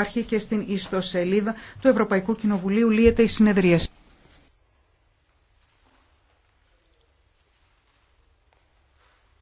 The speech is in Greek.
Υπάρχει και στην ιστοσελίδα του Ευρωπαϊκού Κοινοβουλίου λύεται η συνεδρίαση.